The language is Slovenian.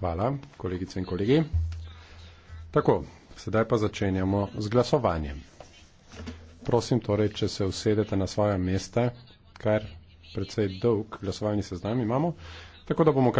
Hvala, kolegice in kolegi. Tako, sedaj pa začenjamo z glasovanjem. Prosim torej, če se usedete na svoje mesta, kar precej dolg glasovalni seznam imamo, tako da bomo